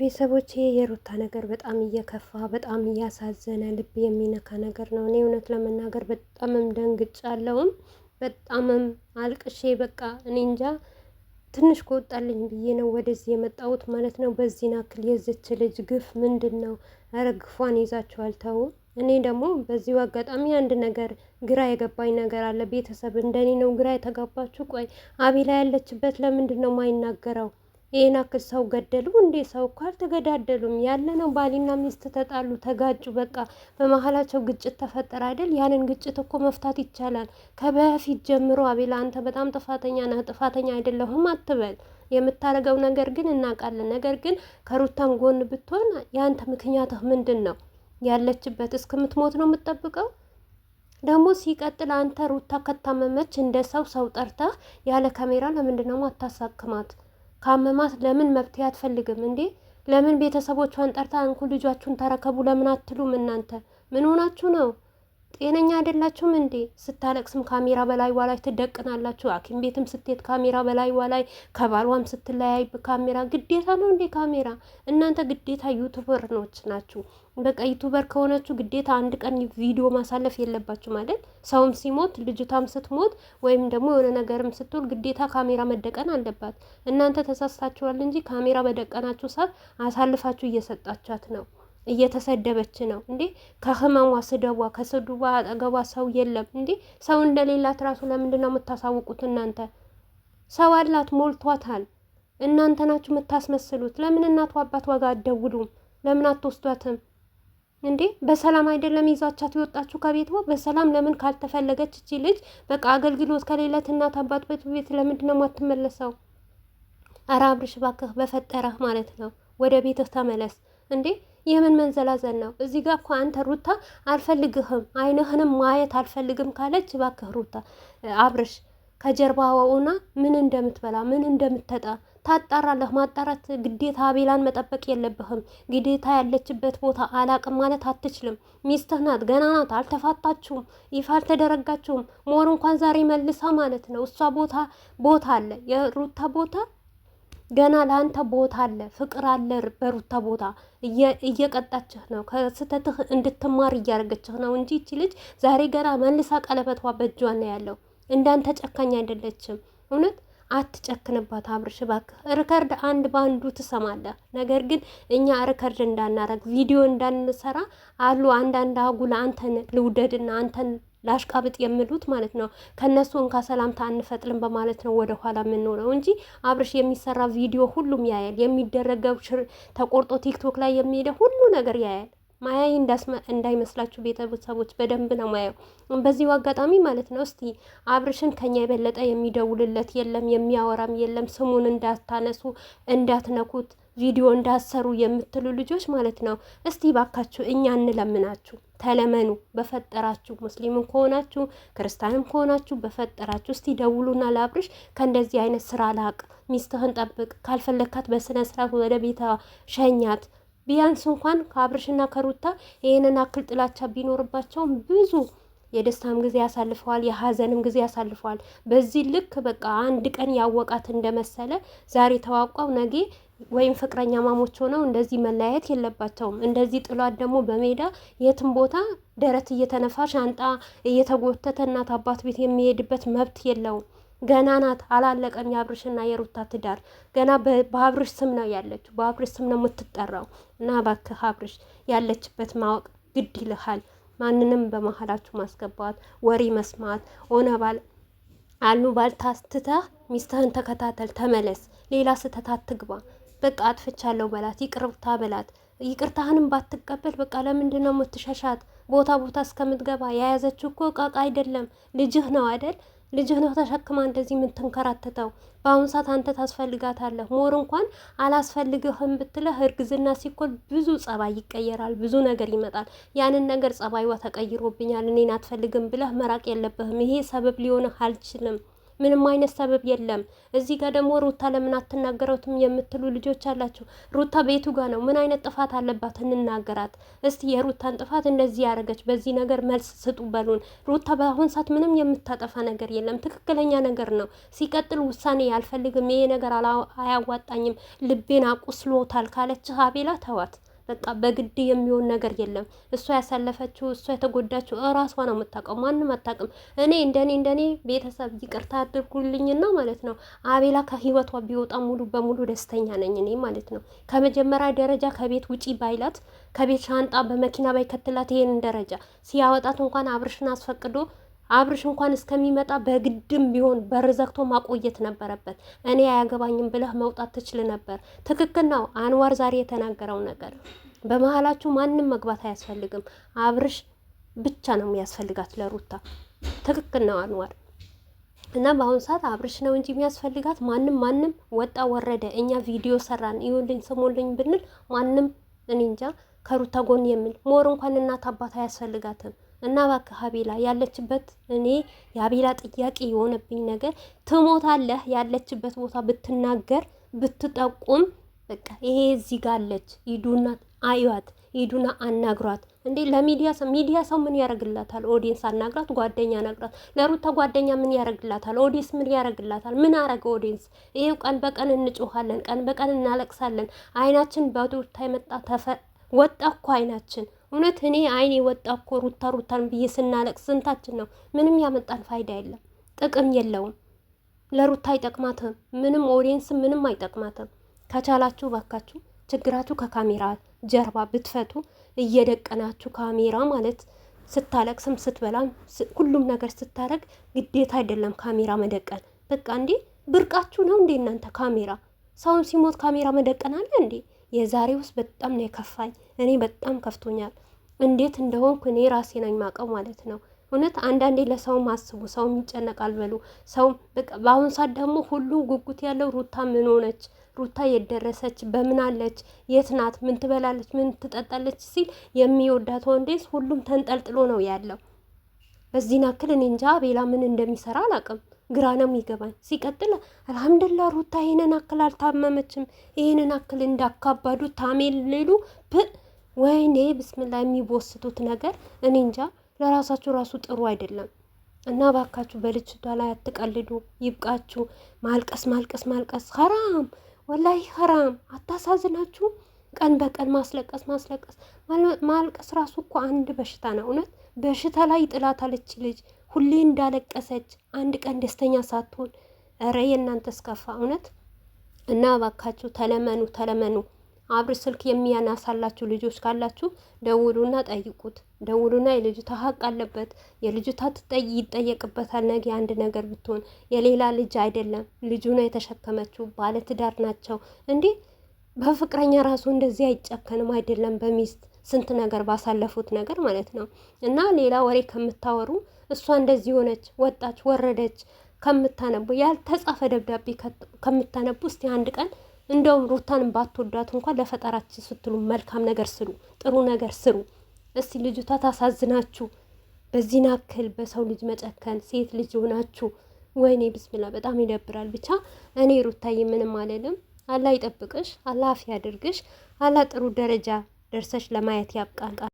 ቤተሰቦች የሩታ ነገር በጣም እየከፋ በጣም እያሳዘነ ልብ የሚነካ ነገር ነው። እኔ እውነት ለመናገር በጣምም ደንግጫለውም በጣምም አልቅሼ በቃ እኔ እንጃ ትንሽ ከወጣልኝ ብዬ ነው ወደዚህ የመጣሁት ማለት ነው። በዚህ ናክል የዝች ልጅ ግፍ ምንድን ነው? ኧረ ግፏን ይዛችኋል ተው። እኔ ደግሞ በዚሁ አጋጣሚ አንድ ነገር ግራ የገባኝ ነገር አለ። ቤተሰብ እንደኔ ነው ግራ የተጋባችሁ? ቆይ አቤላ ያለችበት ለምንድን ነው ማይናገረው? ይህን አክል ሰው ገደሉ እንዴ? ሰው እኮ አልተገዳደሉም። ያለ ነው ባሊና ሚስት ተጣሉ፣ ተጋጩ፣ በቃ በመሀላቸው ግጭት ተፈጠረ አይደል? ያንን ግጭት እኮ መፍታት ይቻላል ከበፊት ጀምሮ። አቤላ አንተ በጣም ጥፋተኛ ነህ። ጥፋተኛ አይደለሁም አትበል። የምታደርገው ነገር ግን እናውቃለን። ነገር ግን ከሩታም ጎን ብትሆን የአንተ ምክንያትህ ምንድን ነው? ያለችበት እስክምትሞት ነው የምትጠብቀው? ደግሞ ሲቀጥል አንተ ሩታ ከታመመች እንደ ሰው ሰው ጠርተህ ያለ ካሜራ ለምንድን ነው አታሳክማት? ካመማት ለምን መፍትሄ አትፈልግም እንዴ? ለምን ቤተሰቦቿን ጠርታ እንኩ ልጃችሁን ተረከቡ ለምን አትሉም እናንተ? ምን ሆናችሁ ነው? ጤነኛ አይደላችሁም እንዴ? ስታለቅስም ካሜራ በላይዋ ዋላይ ትደቅናላችሁ። ሐኪም ቤትም ስትሄድ ካሜራ በላይ ላይ፣ ከባሏም ስትለያይ ካሜራ። ግዴታ ነው እንዴ ካሜራ? እናንተ ግዴታ ዩቱበርኖች ናችሁ። በቃ ዩቱበር ከሆነችሁ ግዴታ አንድ ቀን ቪዲዮ ማሳለፍ የለባችሁ ማለት። ሰውም ሲሞት ልጅቷም ስትሞት ወይም ደግሞ የሆነ ነገርም ስትውል ግዴታ ካሜራ መደቀን አለባት። እናንተ ተሳስታችኋል እንጂ ካሜራ በደቀናችሁ ሰዓት አሳልፋችሁ እየሰጣችኋት ነው። እየተሰደበች ነው እንዴ? ከህመሟ ስደቧ፣ ከስድቧ አጠገቧ ሰው የለም እንዴ? ሰው እንደሌላት ራሱ ለምንድን ነው የምታሳውቁት እናንተ? ሰው አላት ሞልቷታል። እናንተ ናችሁ የምታስመስሉት። ለምን እናቱ አባት ዋጋ አደውሉም ለምን አትወስዷትም እንዴ? በሰላም አይደለም ይዛቻት የወጣችሁ ከቤት? በሰላም ለምን ካልተፈለገች እቺ ልጅ በቃ አገልግሎት ከሌለት እናት አባት ቤት ለምንድን ነው የማትመለሰው? ኧረ አብርሽ እባክህ በፈጠረህ ማለት ነው ወደ ቤትህ ተመለስ እንዴ የምን መንዘላዘል ነው? እዚህ ጋር እኮ አንተ ሩታ አልፈልግህም፣ አይንህንም ማየት አልፈልግም ካለች እባክህ ሩታ አብርሽ ከጀርባ ወውና ምን እንደምትበላ ምን እንደምትጠጣ ታጣራለህ። ማጣራት ግዴታ አቤላን መጠበቅ የለብህም። ግዴታ ያለችበት ቦታ አላቅም ማለት አትችልም። ሚስትህ ናት፣ ገና ናት፣ አልተፋታችሁም፣ ይፋ አልተደረጋችሁም። ሞር እንኳን ዛሬ መልሳ ማለት ነው እሷ ቦታ ቦታ አለ የሩታ ቦታ ገና ለአንተ ቦታ አለ፣ ፍቅር አለ። በሩታ ቦታ እየቀጣችህ ነው፣ ከስህተትህ እንድትማር እያደረገችህ ነው እንጂ ይቺ ልጅ ዛሬ ገና መልሳ ቀለበቷ በእጇ ነው ያለው። እንዳንተ ጨካኝ አይደለችም። እውነት አትጨክንባት አብርሽ እባክህ። ሪከርድ አንድ በአንዱ ትሰማለህ። ነገር ግን እኛ ሪከርድ እንዳናረግ ቪዲዮ እንዳንሰራ አሉ አንዳንድ አጉል አንተን ልውደድና አንተን ላሽቃብጥ የሚሉት ማለት ነው። ከነሱ እንካ ሰላምታ አንፈጥልም በማለት ነው ወደ ኋላ የምንውለው እንጂ አብርሽ የሚሰራ ቪዲዮ ሁሉም ያያል። የሚደረገው ተቆርጦ ቲክቶክ ላይ የሚሄደ ሁሉ ነገር ያያል። ማያይ እንዳይመስላችሁ ቤተሰቦች በደንብ ነው ማየው። በዚሁ አጋጣሚ ማለት ነው እስቲ አብርሽን ከኛ የበለጠ የሚደውልለት የለም፣ የሚያወራም የለም። ስሙን እንዳታነሱ እንዳትነኩት፣ ቪዲዮ እንዳሰሩ የምትሉ ልጆች ማለት ነው እስቲ ባካችሁ እኛ እንለምናችሁ ተለመኑ በፈጠራችሁ። ሙስሊምም ከሆናችሁ ክርስቲያንም ከሆናችሁ በፈጠራችሁ እስቲ ደውሉና ለአብርሽ ከእንደዚህ አይነት ስራ ላቅ፣ ሚስትህን ጠብቅ፣ ካልፈለግካት በስነ ስርዓት ወደ ቤታ ሸኛት ቢያንስ እንኳን ከአብርሽና ከሩታ ይህንን አክል ጥላቻ ቢኖርባቸውም ብዙ የደስታም ጊዜ ያሳልፈዋል፣ የሀዘንም ጊዜ ያሳልፈዋል። በዚህ ልክ በቃ አንድ ቀን ያወቃት እንደመሰለ ዛሬ ተዋቋው ነገ ወይም ፍቅረኛ ማሞች ሆነው እንደዚህ መለያየት የለባቸውም። እንደዚህ ጥሏት ደግሞ በሜዳ የትም ቦታ ደረት እየተነፋ ሻንጣ እየተጎተተ እናት አባት ቤት የሚሄድበት መብት የለውም። ገና ናት፣ አላለቀም። የአብርሽና የሩታ ትዳር ገና በአብርሽ ስም ነው ያለችው፣ በአብርሽ ስም ነው የምትጠራው። እና እባክህ አብርሽ ያለችበት ማወቅ ግድ ይልሃል። ማንንም በመሀላችሁ ማስገባት፣ ወሬ መስማት ሆነ ባል አሉ ባልታስትተህ ሚስትህን ተከታተል፣ ተመለስ። ሌላ ስህተት አትግባ። በቃ አጥፍቻለሁ በላት፣ ይቅርታ በላት። ይቅርታህንም ባትቀበል በቃ ለምንድን ነው የምትሸሻት? ቦታ ቦታ እስከምትገባ የያዘችው እኮ እቃ አይደለም ልጅህ ነው አይደል? ልጅህ ነው ተሸክማ እንደዚህ የምትንከራተተው። በአሁኑ ሰዓት አንተ ታስፈልጋታለህ። ሞር እንኳን አላስፈልግህም ብትለህ እርግዝና ሲኮል ብዙ ጸባይ ይቀየራል፣ ብዙ ነገር ይመጣል። ያንን ነገር ጸባይዋ ተቀይሮብኛል፣ እኔን አትፈልግም ብለህ መራቅ የለብህም። ይሄ ሰበብ ሊሆንህ አልችልም ምንም አይነት ሰበብ የለም። እዚህ ጋር ደግሞ ሩታ ለምን አትናገረውትም የምትሉ ልጆች አላችሁ። ሩታ ቤቱ ጋር ነው። ምን አይነት ጥፋት አለባት? እንናገራት እስቲ። የሩታን ጥፋት እንደዚህ ያደረገች በዚህ ነገር መልስ ስጡ በሉን። ሩታ በአሁን ሰዓት ምንም የምታጠፋ ነገር የለም። ትክክለኛ ነገር ነው። ሲቀጥል ውሳኔ አልፈልግም፣ ይሄ ነገር አያዋጣኝም፣ ልቤን አቁስሎታል ካለች አቤላ ተዋት። በቃ በግድ የሚሆን ነገር የለም። እሷ ያሳለፈችው እሷ የተጎዳችው እራሷ ነው የምታውቀው፣ ማንም አታውቅም። እኔ እንደኔ እንደኔ ቤተሰብ ይቅርታ አድርጉልኝና ማለት ነው አቤላ ከህይወቷ ቢወጣ ሙሉ በሙሉ ደስተኛ ነኝ እኔ ማለት ነው። ከመጀመሪያ ደረጃ ከቤት ውጪ ባይላት ከቤት ሻንጣ በመኪና ባይከትላት ይሄንን ደረጃ ሲያወጣት እንኳን አብርሽን አስፈቅዶ አብርሽ እንኳን እስከሚመጣ በግድም ቢሆን በር ዘግቶ ማቆየት ነበረበት። እኔ አያገባኝም ብለህ መውጣት ትችል ነበር። ትክክል ነው አንዋር ዛሬ የተናገረው ነገር። በመሀላችሁ ማንም መግባት አያስፈልግም። አብርሽ ብቻ ነው የሚያስፈልጋት ለሩታ። ትክክል ነው አንዋር እና በአሁኑ ሰዓት አብርሽ ነው እንጂ የሚያስፈልጋት ማንም ማንም ወጣ ወረደ፣ እኛ ቪዲዮ ሰራን፣ ይሁልኝ ስሙልኝ ብንል ማንም እኔ እንጃ ከሩታ ጎን የሚል ሞር እንኳን እናት አባት አያስፈልጋትም። እና እባክህ አቤላ ያለችበት እኔ የአቤላ ጥያቄ የሆነብኝ ነገር ትሞታለህ ያለችበት ቦታ ብትናገር ብትጠቁም በቃ ይሄ እዚህ ጋር አለች ሂዱና አዩዋት ሂዱና አናግሯት። እንዴ ለሚዲያ ሰው ሚዲያ ሰው ምን ያደርግላታል? ኦዲየንስ አናግራት፣ ጓደኛ አናግራት። ለሩታ ጓደኛ ምን ያደርግላታል? ኦዲየንስ ምን ያደርግላታል? ምን አረገ ኦዲየንስ? ይሄው ቀን በቀን እንጮሃለን፣ ቀን በቀን እናለቅሳለን። አይናችን በሩታ የመጣ ወጣ እኮ አይናችን እውነት እኔ አይኔ ወጣ እኮ ሩታ ሩታን ብዬ ስናለቅ ስንታችን ነው? ምንም ያመጣን ፋይዳ የለም፣ ጥቅም የለውም። ለሩታ አይጠቅማትም። ምንም ኦዲየንስ ምንም አይጠቅማትም። ከቻላችሁ ባካችሁ ችግራችሁ ከካሜራ ጀርባ ብትፈቱ እየደቀናችሁ ካሜራ ማለት ስታለቅስም ስትበላም ሁሉም ነገር ስታረግ ግዴታ አይደለም ካሜራ መደቀን። በቃ እንዴ ብርቃችሁ ነው እንዴ እናንተ? ካሜራ ሰውን ሲሞት ካሜራ መደቀን አለ እንዴ? የዛሬ ውስጥ በጣም ነው የከፋኝ። እኔ በጣም ከፍቶኛል። እንዴት እንደሆንኩ እኔ ራሴ ነኝ ማቀው ማለት ነው። እውነት አንዳንዴ ለሰውም አስቡ፣ ሰውም ይጨነቃል በሉ። ሰውም በአሁኑ ሰዓት ደግሞ ሁሉም ጉጉት ያለው ሩታ ምን ሆነች፣ ሩታ የደረሰች በምን አለች፣ የት ናት፣ ምን ትበላለች፣ ምን ትጠጣለች ሲል የሚወዳት ወንዴስ ሁሉም ተንጠልጥሎ ነው ያለው። በዚህ ናክል እኔ እንጃ ቤላ ምን እንደሚሰራ አላቅም። ግራ ነው የሚገባኝ። ሲቀጥል አልሐምዱላ ሩታ ይህንን አክል አልታመመችም። ይህንን አክል እንዳካባዱ ታሜል ሌሉ ወይኔ ብስምላ የሚቦስቱት ነገር እኔ እንጃ። ለራሳችሁ ራሱ ጥሩ አይደለም እና ባካችሁ በልጅቷ ላይ አትቀልዱ። ይብቃችሁ ማልቀስ ማልቀስ ማልቀስ። ሀራም ወላይ ሀራም። አታሳዝናችሁ ቀን በቀን ማስለቀስ ማስለቀስ ማልቀስ ራሱ እኮ አንድ በሽታ ነው። እውነት በሽታ ላይ ጥላታለች ልጅ ሁሌ እንዳለቀሰች አንድ ቀን ደስተኛ ሳትሆን፣ እረ የእናንተ እስከፋ እውነት እና እባካችሁ ተለመኑ ተለመኑ። አብር ስልክ የሚያናሳላችሁ ልጆች ካላችሁ ደውሉና ጠይቁት። ደውሉና የልጅቷ ሀቅ አለበት የልጅቷ ይጠየቅበታል። ነገ አንድ ነገር ብትሆን የሌላ ልጅ አይደለም ልጁ ነው የተሸከመችው። ባለትዳር ናቸው። እንዲህ በፍቅረኛ ራሱ እንደዚህ አይጨከንም አይደለም በሚስት ስንት ነገር ባሳለፉት ነገር ማለት ነው እና ሌላ ወሬ ከምታወሩ እሷ እንደዚህ ሆነች፣ ወጣች፣ ወረደች ከምታነቡ ያልተጻፈ ደብዳቤ ከምታነቡ እስቲ አንድ ቀን እንደውም ሩታን ባትወዳት እንኳን ለፈጠራችን ስትሉ መልካም ነገር ስሩ፣ ጥሩ ነገር ስሩ። እስቲ ልጅቷ ታሳዝናችሁ። በዚህ ናክል በሰው ልጅ መጨከን ሴት ልጅ ሆናችሁ ወይኔ ብስምላ በጣም ይደብራል። ብቻ እኔ ሩታዬ ምንም አልልም። አላህ ይጠብቅሽ፣ አላህ አፍ ያድርግሽ፣ አላህ ጥሩ ደረጃ ደርሰሽ ለማየት ያብቃል።